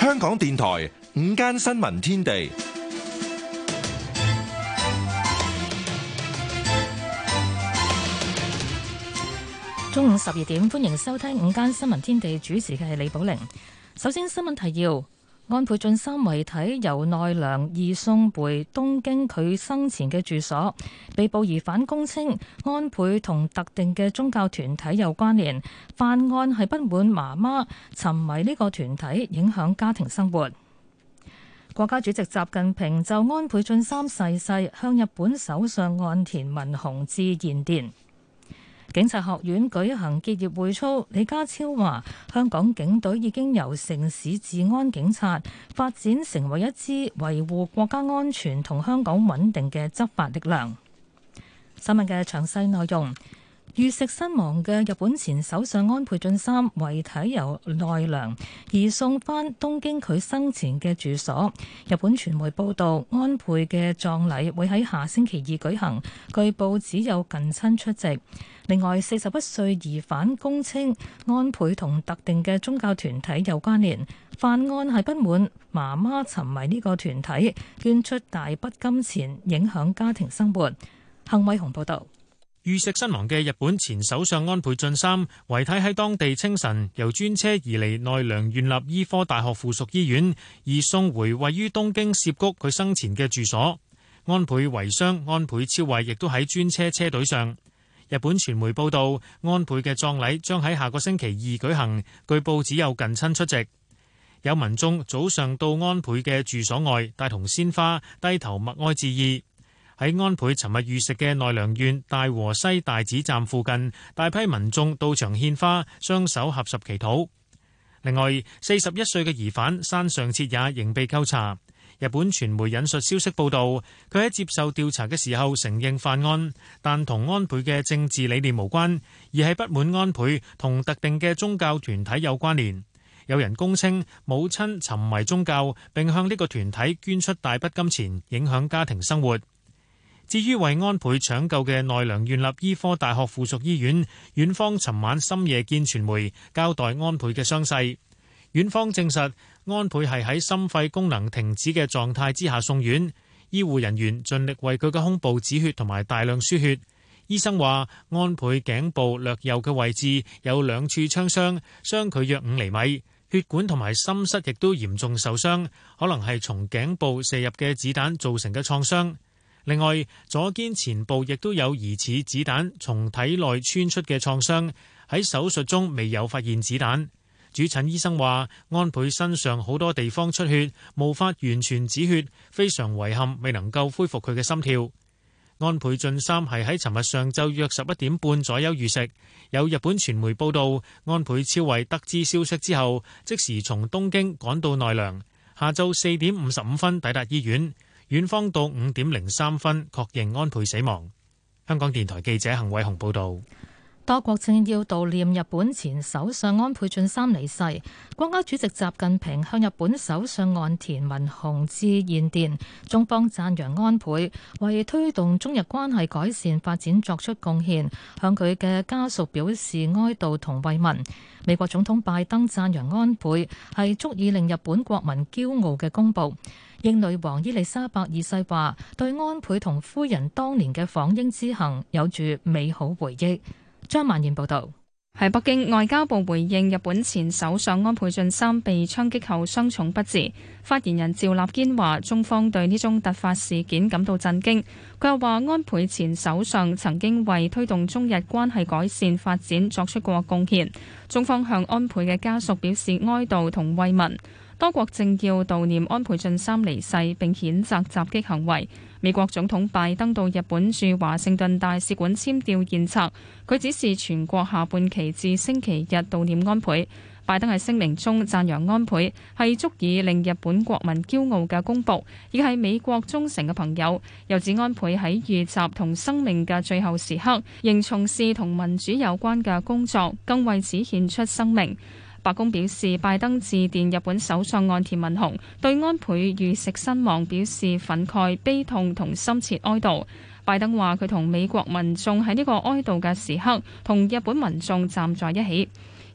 香港電台午間新聞天地，中午十二點，歡迎收聽午間新聞天地，主持嘅係李寶玲。首先，新聞提要。安倍晉三遺體由奈良移送回東京佢生前嘅住所，被捕疑犯供稱安倍同特定嘅宗教團體有關聯，犯案係不滿媽媽沉迷呢個團體影響家庭生活。國家主席習近平就安倍晉三逝世，世向日本首相岸田文雄致唁電。警察學院舉行結業會操，李家超話：香港警隊已經由城市治安警察發展成為一支維護國家安全同香港穩定嘅執法力量。新聞嘅詳細內容：遇刺身亡嘅日本前首相安倍晉三遺體由奈良移送翻東京佢生前嘅住所。日本傳媒報道，安倍嘅葬禮會喺下星期二舉行，據報只有近親出席。另外，四十一歲疑犯供稱，安倍同特定嘅宗教團體有關聯，犯案係不滿媽媽沉迷呢個團體，捐出大筆金錢影響家庭生活。幸偉雄報導。遇刺身亡嘅日本前首相安倍晉三遺體喺當地清晨由專車移嚟奈良縣立醫科大學附屬醫院，而送回位於東京涉谷佢生前嘅住所。安倍遺孀安倍昭惠亦都喺專車車隊上。日本傳媒報道，安倍嘅葬禮將喺下個星期二舉行。據報只有近親出席。有民眾早上到安倍嘅住所外，帶同鮮花低頭默哀致意。喺安倍尋日遇食嘅奈良縣大和西大寺站附近，大批民眾到場獻花，雙手合十祈禱。另外，四十一歲嘅疑犯山上徹也仍被扣查。日本傳媒引述消息報道，佢喺接受調查嘅時候承認犯案，但同安倍嘅政治理念無關，而係不滿安倍同特定嘅宗教團體有關聯。有人供稱，母親沉迷宗教並向呢個團體捐出大筆金錢，影響家庭生活。至於為安倍搶救嘅奈良縣立醫科大學附屬醫院，院方尋晚深夜見傳媒交代安倍嘅傷勢，院方證實。安倍係喺心肺功能停止嘅狀態之下送院，醫護人員盡力為佢嘅胸部止血同埋大量輸血。醫生話，安倍頸部略右嘅位置有兩處槍傷，相距約五厘米，血管同埋心室亦都嚴重受傷，可能係從頸部射入嘅子彈造成嘅創傷。另外，左肩前部亦都有疑似子彈從體內穿出嘅創傷，喺手術中未有發現子彈。主診醫生話：安倍身上好多地方出血，無法完全止血，非常遺憾，未能夠恢復佢嘅心跳。安倍晉三係喺尋日上晝約十一點半左右預食。有日本傳媒報道，安倍昭惠得知消息之後，即時從東京趕到奈良，下晝四點五十五分抵達醫院，院方到五點零三分確認安倍死亡。香港電台記者陳偉雄報道。多國政要悼念日本前首相安倍晉三離世，國家主席習近平向日本首相岸田文雄致唁電，中方讚揚安倍為推動中日關係改善發展作出貢獻，向佢嘅家屬表示哀悼同慰問。美國總統拜登讚揚安倍係足以令日本國民驕傲嘅公佈。英女王伊麗莎白二世話：對安倍同夫人當年嘅訪英之行有住美好回憶。張曼然報道，喺北京外交部，回應日本前首相安倍晉三被槍擊後傷重不治。發言人趙立堅話，中方對呢宗突發事件感到震驚。佢又話，安倍前首相曾經為推動中日關係改善發展作出過貢獻。中方向安倍嘅家屬表示哀悼同慰問。多國政要悼念安倍晉三離世，並譴責襲擊行為。美國總統拜登到日本駐華盛頓大使館簽弔唁冊，佢指示全國下半旗至星期日悼念安倍。拜登喺聲明中讚揚安倍係足以令日本國民驕傲嘅公僕，亦係美國忠誠嘅朋友。又指安倍喺遇襲同生命嘅最後時刻，仍從事同民主有關嘅工作，更為此獻出生命。白宮表示，拜登致電日本首相岸田文雄，對安倍遇刺身亡表示憤慨、悲痛同深切哀悼。拜登話，佢同美國民眾喺呢個哀悼嘅時刻，同日本民眾站在一起。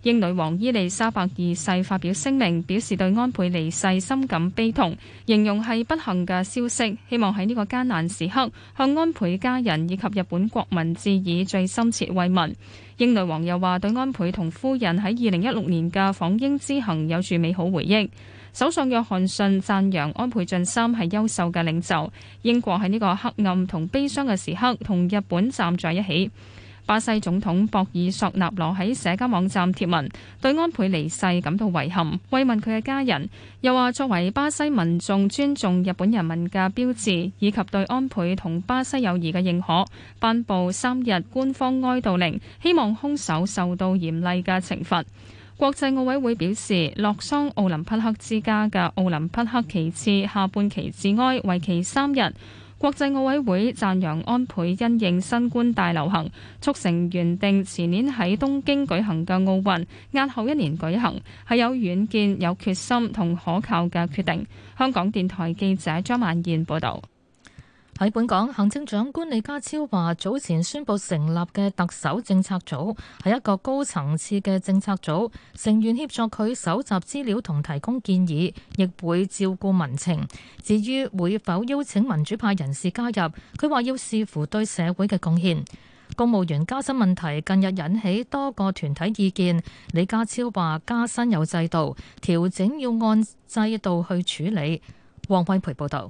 英女王伊利莎白二世發表聲明，表示對安倍離世深感悲痛，形容係不幸嘅消息，希望喺呢個艱難時刻向安倍家人以及日本國民致以最深切慰問。英女王又話對安倍同夫人喺二零一六年嘅訪英之行有住美好回憶。首相約翰遜讚揚安倍晉三係優秀嘅領袖，英國喺呢個黑暗同悲傷嘅時刻同日本站在一起。巴西總統博爾索納羅喺社交網站貼文，對安倍離世感到遺憾，慰問佢嘅家人，又話作為巴西民眾尊重日本人民嘅標誌，以及對安倍同巴西友誼嘅認可，頒佈三日官方哀悼令，希望兇手受到嚴厲嘅懲罰。國際奧委會表示，洛桑奧林匹克之家嘅奧林匹克旗幟下半旗致哀，為期三日。國際奧委會讚揚安倍因應新官大流行，促成原定前年喺東京舉行嘅奧運押後一年舉行，係有遠見、有決心同可靠嘅決定。香港電台記者張曼燕報導。喺本港，行政長官李家超話，早前宣布成立嘅特首政策組係一個高層次嘅政策組，成員協助佢搜集資料同提供建議，亦會照顧民情。至於會否邀請民主派人士加入，佢話要視乎對社會嘅貢獻。公務員加薪問題近日引起多個團體意見，李家超話加薪有制度，調整要按制度去處理。王慧培報道。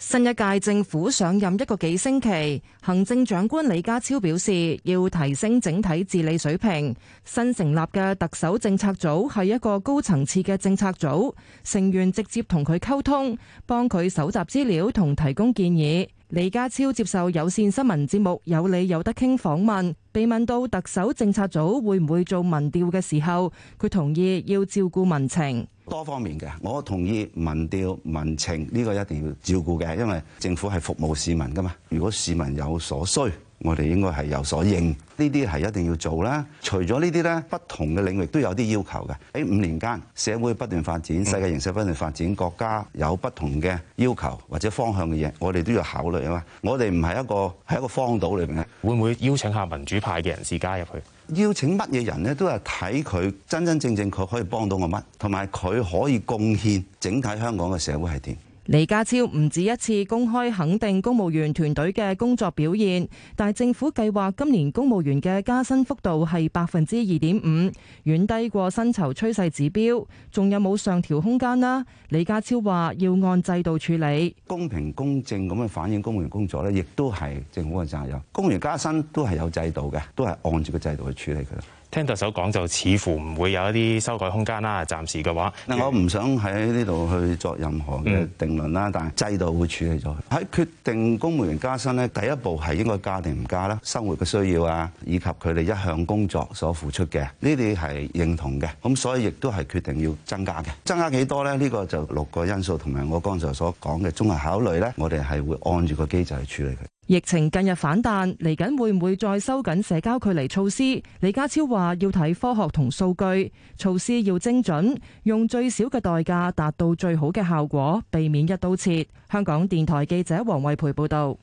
新一屆政府上任一個幾星期，行政長官李家超表示，要提升整體治理水平。新成立嘅特首政策組係一個高層次嘅政策組，成員直接同佢溝通，幫佢搜集資料同提供建議。李家超接受有線新聞節目有理有得傾訪問，被問到特首政策組會唔會做民調嘅時候，佢同意要照顧民情，多方面嘅，我同意民調民情呢個一定要照顧嘅，因為政府係服務市民噶嘛，如果市民有所需，我哋應該係有所應，呢啲係一定要做啦。除咗呢啲呢，不同嘅領域都有啲要求嘅。喺五年間，社會不斷發展，世界形勢不斷發展，國家有不同嘅要求或者方向嘅嘢，我哋都要考慮啊嘛。我哋唔係一個喺一個荒島裏面，會唔會邀請下民主派嘅人士加入去？邀請乜嘢人呢？都係睇佢真真正正佢可以幫到我乜，同埋佢可以貢獻整體香港嘅社會係點？李家超唔止一次公開肯定公務員團隊嘅工作表現，但係政府計劃今年公務員嘅加薪幅度係百分之二點五，遠低過薪酬趨勢指標，仲有冇上調空間呢？李家超話要按制度處理，公平公正咁樣，反映公務員工作呢亦都係政府嘅責任。公務員加薪都係有制度嘅，都係按照個制度去處理㗎。聽特首講就似乎唔會有一啲修改空間啦，暫時嘅話。嗱，我唔想喺呢度去作任何嘅定論啦，嗯、但係制度會處理咗。喺決定公務員加薪咧，第一步係應該加定唔加啦，生活嘅需要啊，以及佢哋一向工作所付出嘅，呢啲係認同嘅。咁所以亦都係決定要增加嘅。增加幾多咧？呢個就六個因素同埋我剛才所講嘅綜合考慮咧，我哋係會按住個機制去處理佢。疫情近日反彈，嚟緊會唔會再收緊社交距離措施？李家超話要睇科學同數據，措施要精準，用最少嘅代價達到最好嘅效果，避免一刀切。香港電台記者黃惠培報導。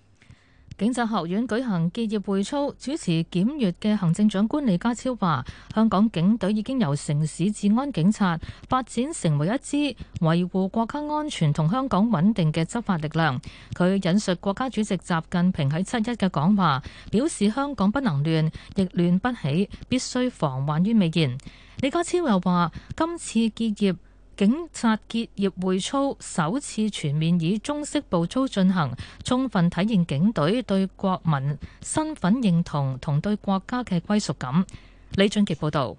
警察學院舉行結業會操，主持檢閱嘅行政長官李家超話，香港警隊已經由城市治安警察發展成為一支維護國家安全同香港穩定嘅執法力量。佢引述國家主席習近平喺七一嘅講話，表示香港不能亂，亦亂不起，必須防患於未然。李家超又話，今次結業。警察結業會操首次全面以中式步操進行，充分體現警隊對國民身份認同同對國家嘅歸屬感。李俊杰報道，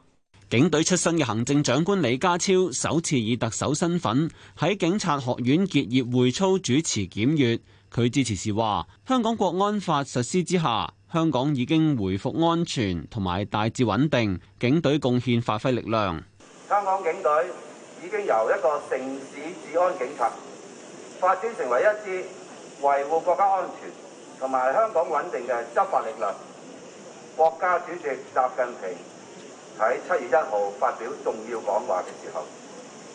警隊出身嘅行政長官李家超首次以特首身份喺警察學院結業會操主持檢閱。佢致辭時話：香港國安法實施之下，香港已經回復安全同埋大致穩定，警隊貢獻發揮力量。香港警隊。已經由一個城市治安警察發展成為一支維護國家安全同埋香港穩定嘅執法力量。國家主席習近平喺七月一號發表重要講話嘅時候，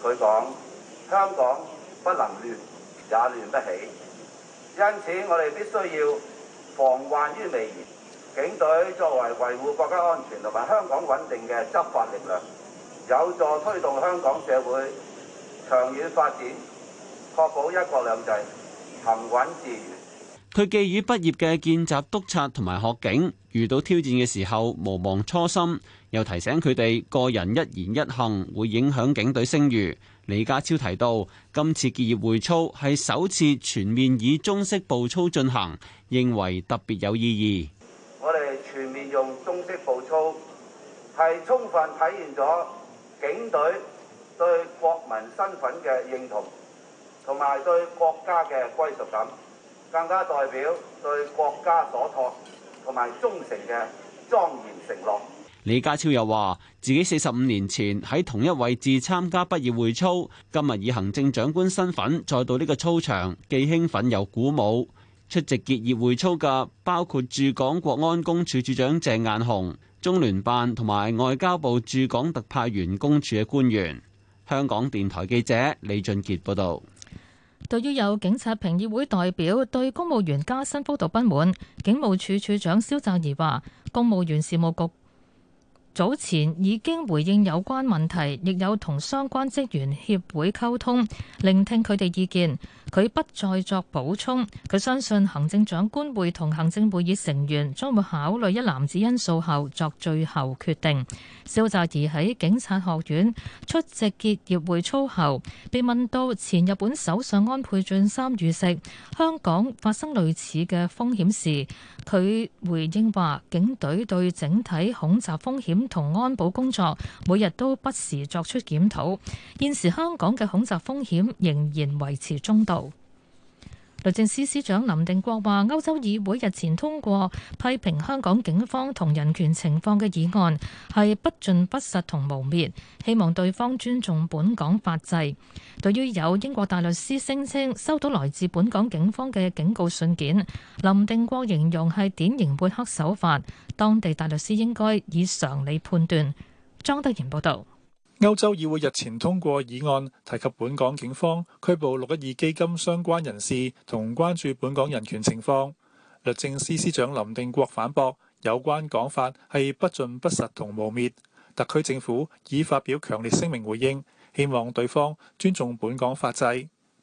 佢講：香港不能亂，也亂不起。因此，我哋必須要防患於未然。警隊作為維護國家安全同埋香港穩定嘅執法力量。有助推動香港社會長遠發展，確保一國兩制行穩致遠。佢寄語畢業嘅見習督察同埋學警，遇到挑戰嘅時候，無忘初心，又提醒佢哋個人一言一行會影響警隊聲譽。李家超提到，今次結業會操係首次全面以中式步操進行，認為特別有意義。我哋全面用中式步操，係充分體現咗，警隊對國民身份嘅認同，同埋對國家嘅歸屬感，更加代表對國家所託同埋忠誠嘅莊嚴承諾。李家超又話：自己四十五年前喺同一位置參加畢業會操，今日以行政長官身份再到呢個操場，既興奮又鼓舞。出席結業會操嘅包括駐港國安公署署長鄭雁雄。中聯辦同埋外交部駐港特派員公署嘅官員，香港電台記者李俊傑報道。對於有警察評議會代表對公務員加薪幅度不滿，警務處處長蕭澤頤話，公務員事務局早前已經回應有關問題，亦有同相關職員協會溝通，聆聽佢哋意見。佢不再作補充。佢相信行政長官會同行政會議成員將會考慮一籃子因素後作最後決定。蕭澤頤喺警察學院出席結業會操後，被問到前日本首相安倍晉三遇刺，香港發生類似嘅風險時，佢回應話：警隊對整體恐襲風險同安保工作每日都不時作出檢討。現時香港嘅恐襲風險仍然維持中度。律政司司長林定國話，歐洲議會日前通過批評香港警方同人權情況嘅議案，係不盡不實同誣衊，希望對方尊重本港法制。對於有英國大律師聲稱收到來自本港警方嘅警告信件，林定國形容係典型抹黑手法，當地大律師應該以常理判斷。莊德賢報道。歐洲議會日前通過議案，提及本港警方拘捕六一二基金相關人士，同關注本港人權情況。律政司司長林定國反駁有關講法係不盡不實同污衊，特區政府已發表強烈聲明回應，希望對方尊重本港法制。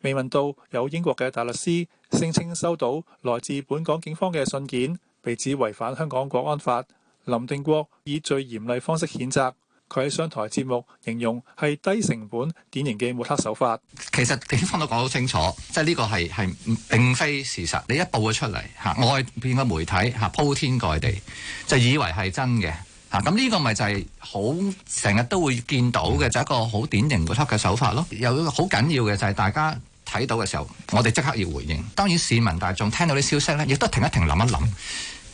未問到有英國嘅大律師聲稱收到來自本港警方嘅信件，被指違反香港國安法。林定國以最嚴厲方式譴責。佢喺商台節目形容係低成本典型嘅抹黑手法。其實警方都講好清楚，即係呢個係係並非事實。你一報咗出嚟嚇，外邊嘅媒體嚇鋪天蓋地就以為係真嘅嚇。咁、啊、呢、呢個咪就係好成日都會見到嘅，就係、一個好典型抹黑嘅手法咯。有好緊要嘅就係、係、大家睇到嘅時候，我哋即刻要回應。當然市民大眾聽到啲消息咧，亦都停一停諗一諗。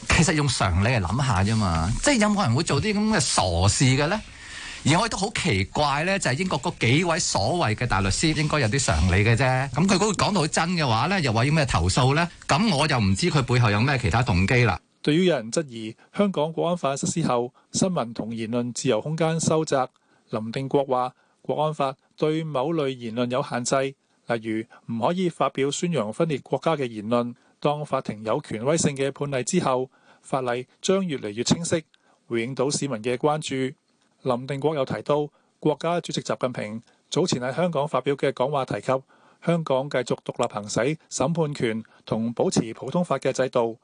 其實用常理嚟諗下啫嘛，即係有冇人會做啲咁嘅傻事嘅咧？而我亦都好奇怪咧，就係英國嗰幾位所謂嘅大律師應該有啲常理嘅啫。咁佢嗰個講到真嘅話咧，又話要咩投訴咧？咁我又唔知佢背後有咩其他動機啦。對於有人質疑香港國安法實施後新聞同言論自由空間收窄，林定國話國安法對某類言論有限制，例如唔可以發表宣揚分裂國家嘅言論。當法庭有權威性嘅判例之後，法例將越嚟越清晰，回應到市民嘅關注。林定國又提到，國家主席習近平早前喺香港發表嘅講話提及香港繼續獨立行使審判權同保持普通法嘅制度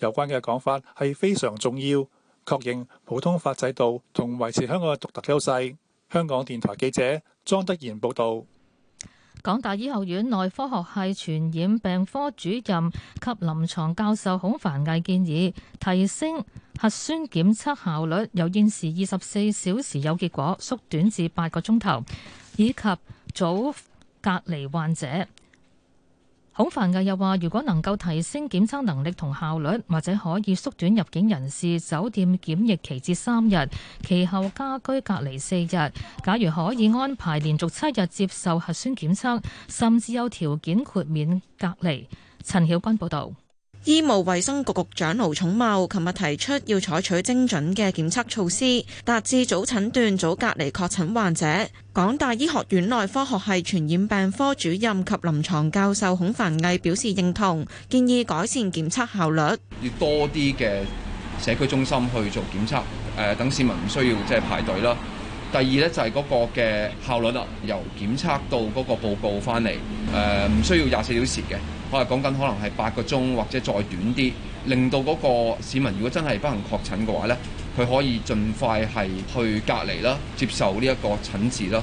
有關嘅講法係非常重要，確認普通法制度同維持香港嘅獨特優勢。香港電台記者莊德賢報道。港大醫學院內科學系傳染病科主任及臨床教授孔凡毅建議提升。核酸檢測效率由現時二十四小時有結果縮短至八個鐘頭，以及早隔離患者。孔繁毅又話：如果能夠提升檢測能力同效率，或者可以縮短入境人士酒店檢疫期至三日，其後家居隔離四日。假如可以安排連續七日接受核酸檢測，甚至有條件豁免隔離。陳曉君報導。醫務衛生局局長盧寵茂琴日提出要採取精準嘅檢測措施，達至早診斷、早隔離確診患者。港大醫學院內科學系傳染病科主任及臨床教授孔繁毅表示認同，建議改善檢測效率，要多啲嘅社區中心去做檢測，等市民唔需要即係排隊啦。第二呢就係嗰個嘅效率啦，由檢測到嗰個報告翻嚟。誒、呃、唔需要廿四小時嘅，我係講緊可能係八個鐘或者再短啲，令到嗰個市民如果真係不幸確診嘅話呢，佢可以盡快係去隔離啦，接受呢一個診治啦。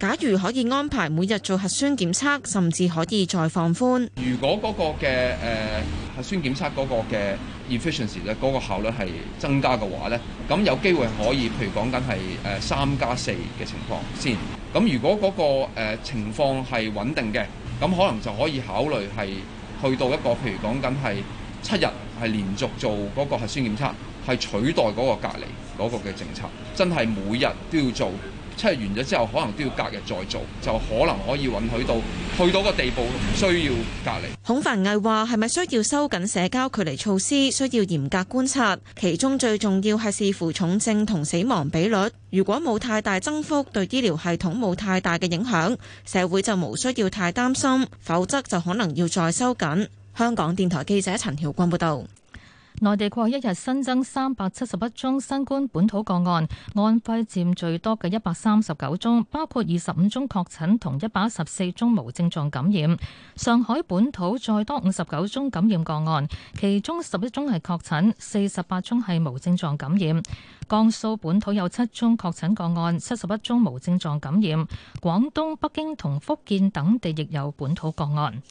假如可以安排每日做核酸檢測，甚至可以再放寬。如果嗰個嘅誒、呃、核酸檢測嗰個嘅 infusion 時咧，嗰效率係增加嘅話咧，咁有機會可以，譬如講緊係誒三加四嘅情況先。咁如果嗰個情況係穩定嘅，咁可能就可以考慮係去到一個譬如講緊係七日係連續做嗰個核酸檢測，係取代嗰個隔離嗰個嘅政策。真係每日都要做。出完咗之後，可能都要隔日再做，就可能可以允許到去到個地步，唔需要隔離。孔繁毅話：係咪需要收緊社交距離措施？需要嚴格觀察，其中最重要係視乎重症同死亡比率。如果冇太大增幅，對醫療系統冇太大嘅影響，社會就無需要太擔心；否則就可能要再收緊。香港電台記者陳曉君報道。內地過去一日新增三百七十一宗新冠本土個案，安徽佔最多嘅一百三十九宗，包括二十五宗確診同一百一十四宗無症狀感染。上海本土再多五十九宗感染個案，其中十一宗係確診，四十八宗係無症狀感染。江蘇本土有七宗確診個案，七十一宗無症狀感染。廣東、北京同福建等地亦有本土個案。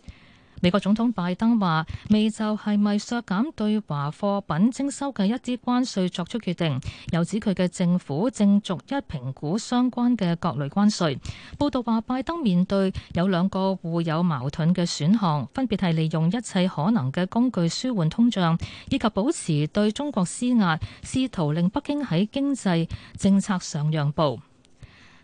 美國總統拜登話：未就係咪削減對華貨品徵收嘅一啲關稅作出決定，又指佢嘅政府正逐一評估相關嘅各類關稅。報道話，拜登面對有兩個互有矛盾嘅選項，分別係利用一切可能嘅工具舒緩通脹，以及保持對中國施壓，試圖令北京喺經濟政策上讓步。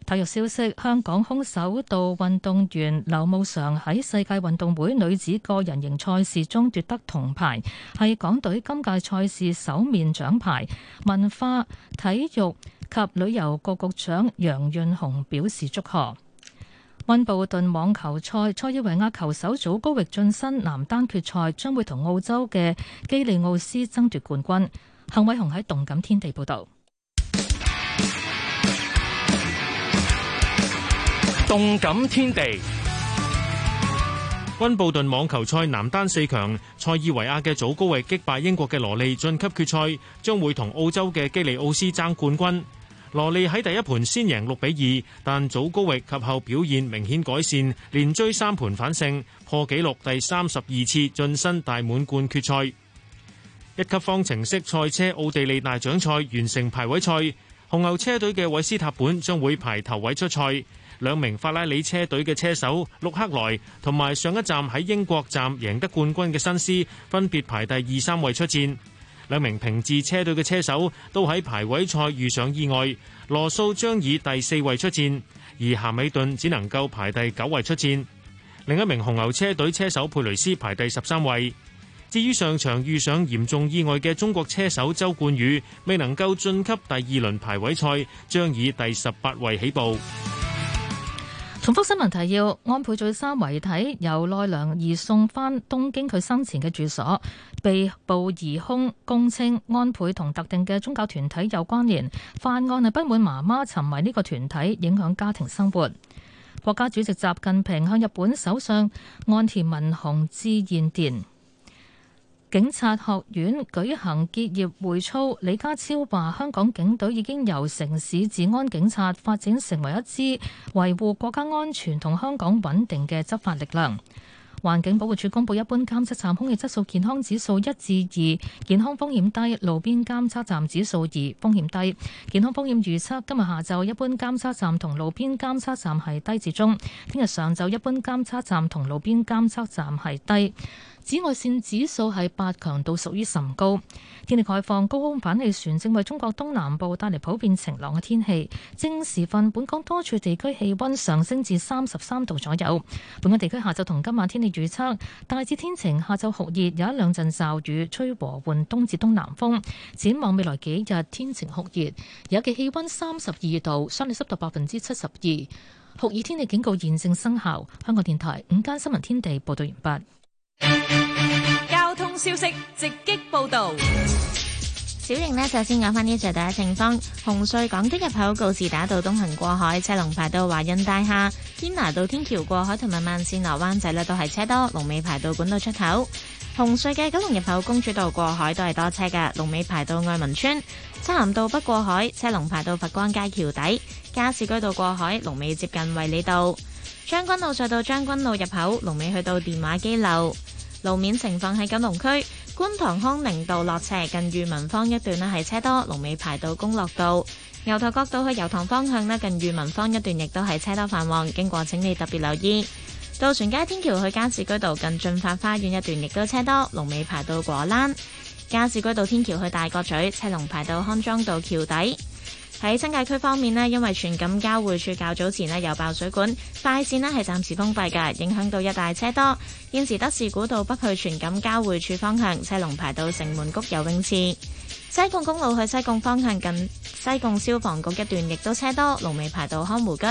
體育消息：香港空手道運動員劉慕常喺世界運動會女子個人型賽事中奪得銅牌，係港隊今屆賽事首面獎牌。文化體育及旅遊局局長楊潤雄表示祝賀。溫布頓網球賽，塞爾維亞球手組高域晉身男單決賽，將會同澳洲嘅基利奧斯爭奪冠軍。幸偉雄喺動感天地報道。動感天地。溫布頓網球賽男單四強，塞爾維亞嘅祖高域擊敗英國嘅羅莉晉級決賽，將會同澳洲嘅基利奧斯爭冠軍。羅莉喺第一盤先贏六比二，但祖高域及後表現明顯改善，連追三盤反勝，破紀錄第三十二次晉身大滿貫決賽。一級方程式賽車奧地利大獎賽完成排位賽，紅牛車隊嘅韋斯塔本將會排頭位出賽。兩名法拉利車隊嘅車手，陸克萊同埋上一站喺英國站贏得冠軍嘅新斯，分別排第二、三位出戰。兩名平治車隊嘅車手都喺排位賽遇上意外，羅素將以第四位出戰，而咸美頓只能夠排第九位出戰。另一名紅牛車隊車手佩雷斯排第十三位。至於上場遇上嚴重意外嘅中國車手周冠宇，未能夠晉級第二輪排位賽，將以第十八位起步。重複新聞提要：安倍晉三遺體由奈良移送返東京，佢生前嘅住所。被捕疑凶供稱，安倍同特定嘅宗教團體有關聯，犯案係不滿媽媽沉迷呢個團體，影響家庭生活。國家主席習近平向日本首相岸田文雄致唁電。警察學院舉行結業會操，李家超話：香港警隊已經由城市治安警察發展成為一支維護國家安全同香港穩定嘅執法力量。環境保護署公布一般監測站空氣質素健康指數一至二，健康風險低；路邊監測站指數二，風險低。健康風險預測今日下晝一般監測站同路邊監測站係低至中，聽日上晝一般監測站同路邊監測站係低。紫外線指數係八強度，屬於甚高。天氣概況，高空反氣旋正為中國東南部帶嚟普遍晴朗嘅天氣。正時分，本港多處地區氣温上升至三十三度左右。本港地區下晝同今晚天氣預測大致天晴，下晝酷熱，有一兩陣驟雨，吹和緩東至東南風。展望未來幾日天晴酷熱，現時氣温三十二度，相對濕度百分之七十二。酷熱天氣警告現正生效。香港電台午間新聞天地報道完畢。交通消息直擊報道，小瑩呢，就先講翻呢最大嘅情況。紅隧港島入口告士打道東行過海，車龍排到華潤大廈；堅拿道天橋過海同埋慢綫落灣仔呢都係車多，龍尾排到管道出口。紅隧嘅九龍入口公主道過海都係多車嘅，龍尾排到愛民村；漆咸道北過海，車龍排到佛光街橋底；加士居道過海，龍尾接近衛理道。將軍路隧道將軍路入口，龍尾去到電話機樓。路面情況喺九龍區觀塘康寧道落斜近裕民坊一段咧，係車多，龍尾排到公樂道。牛頭角道去油塘方向咧，近裕民坊一段亦都係車多繁忙，經過請你特別留意。渡船街天橋去加士居道近駿發花園一段亦都車多，龍尾排到果欄。加士居道天橋去大角咀，車龍排到康莊道橋底。喺新界區方面咧，因為荃錦交匯處較早前咧有爆水管，快線咧係暫時封閉嘅，影響到一大車多。現時德士古道北去荃錦交匯處方向，車龍排到城門谷游泳池。西貢公路去西貢方向近西貢消防局一段亦都車多，龍尾排到康湖居。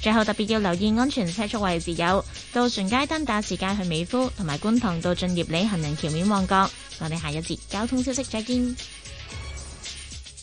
最後特別要留意安全車速位置有渡船街、登打士街去美孚，同埋觀塘道進業里行人橋面旺角。我哋下一節交通消息再見。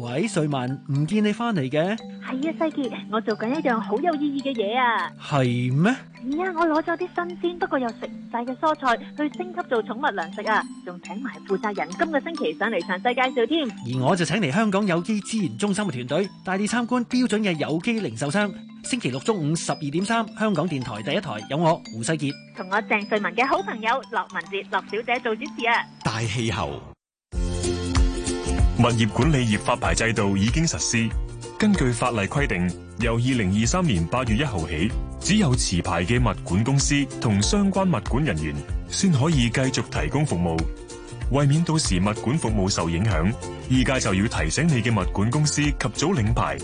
喂，瑞文，唔見你翻嚟嘅。係啊，世傑，我做緊一樣好有意義嘅嘢啊。係咩？係啊，我攞咗啲新鮮不過又食唔晒嘅蔬菜去升級做寵物糧食啊，仲請埋負責人今個星期上嚟詳細介紹添。而我就請嚟香港有機資源中心嘅團隊，帶你參觀標準嘅有機零售商。星期六中午十二點三，香港電台第一台有我胡世傑，同我鄭瑞文嘅好朋友駱文哲、駱小姐做主持啊。大氣候。物業管理業發牌制度已經實施，根據法例規定，由二零二三年八月一號起，只有持牌嘅物管公司同相關物管人員，先可以繼續提供服務。為免到時物管服務受影響，依家就要提醒你嘅物管公司及早領牌，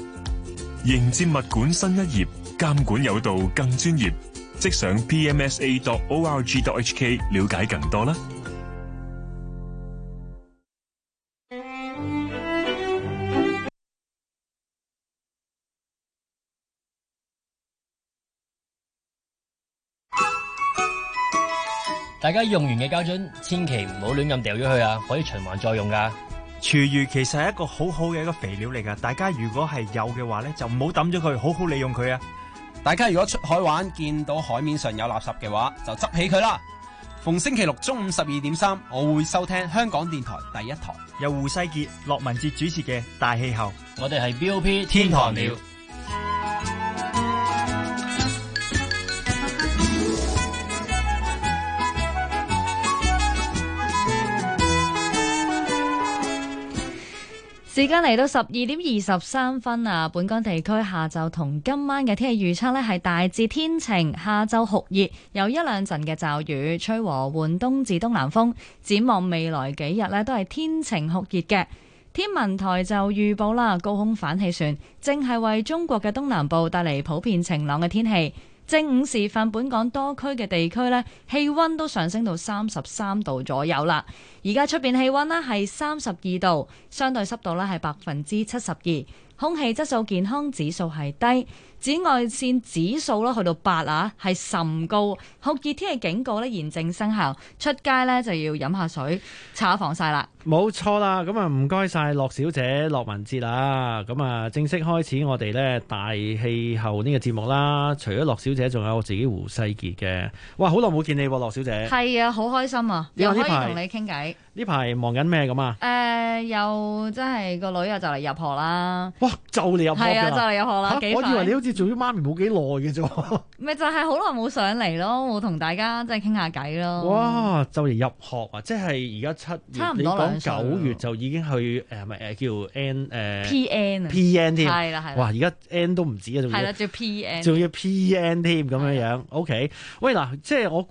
迎接物管新一頁，監管有道更專業。即上 pmsa.org.hk 了解更多啦。大家用完嘅膠樽，千祈唔好亂咁掉咗佢啊！可以循環再用噶。廚餘其實係一個好好嘅一個肥料嚟噶。大家如果係有嘅話呢，就唔好抌咗佢，好好利用佢啊！大家如果出海玩見到海面上有垃圾嘅話，就執起佢啦。逢星期六中午十二點三，我會收聽香港電台第一台，由胡世杰、駱文哲主持嘅《大氣候》。我哋係 BOP 天堂鳥。時間嚟到十二點二十三分啊！本港地區下晝同今晚嘅天氣預測呢係大致天晴，下晝酷熱，有一兩陣嘅驟雨，吹和緩東至東南風。展望未來幾日呢，都係天晴酷熱嘅。天文台就預報啦，高空反氣旋正係為中國嘅東南部帶嚟普遍晴朗嘅天氣。正午時分，本港多區嘅地區咧，氣温都上升到三十三度左右啦。而家出邊氣温咧係三十二度，相對濕度咧係百分之七十二，空氣質素健康指數係低。紫外線指數啦，去到八啊，係甚高。酷熱天氣警告咧，現正生效。出街咧就要飲下水，搽下防曬啦。冇錯啦，咁啊唔該晒。駱小姐、駱文哲啦。咁啊正式開始我哋咧大氣候呢個節目啦。除咗駱小姐，仲有我自己胡世傑嘅。哇，好耐冇見你喎、啊，駱小姐。係啊，好開心啊，又可以同你傾偈。呢排忙緊咩咁啊？誒、呃，又真係個女啊，就嚟入學啦。哇，就嚟入學㗎？係啊，就嚟入學啦。我以為你好似～做咗媽咪冇幾耐嘅啫，咪就係好耐冇上嚟咯，冇同大家即係傾下偈咯。哇！就嚟入學啊，即係而家七月。你講九月就已經去誒咪誒叫 N 誒、呃、P N P N 添 P N,，係哇！而家 N 都唔止啊，仲要係啦，仲要 P N，仲要 P N 添咁樣樣。了 OK，喂嗱，即係我。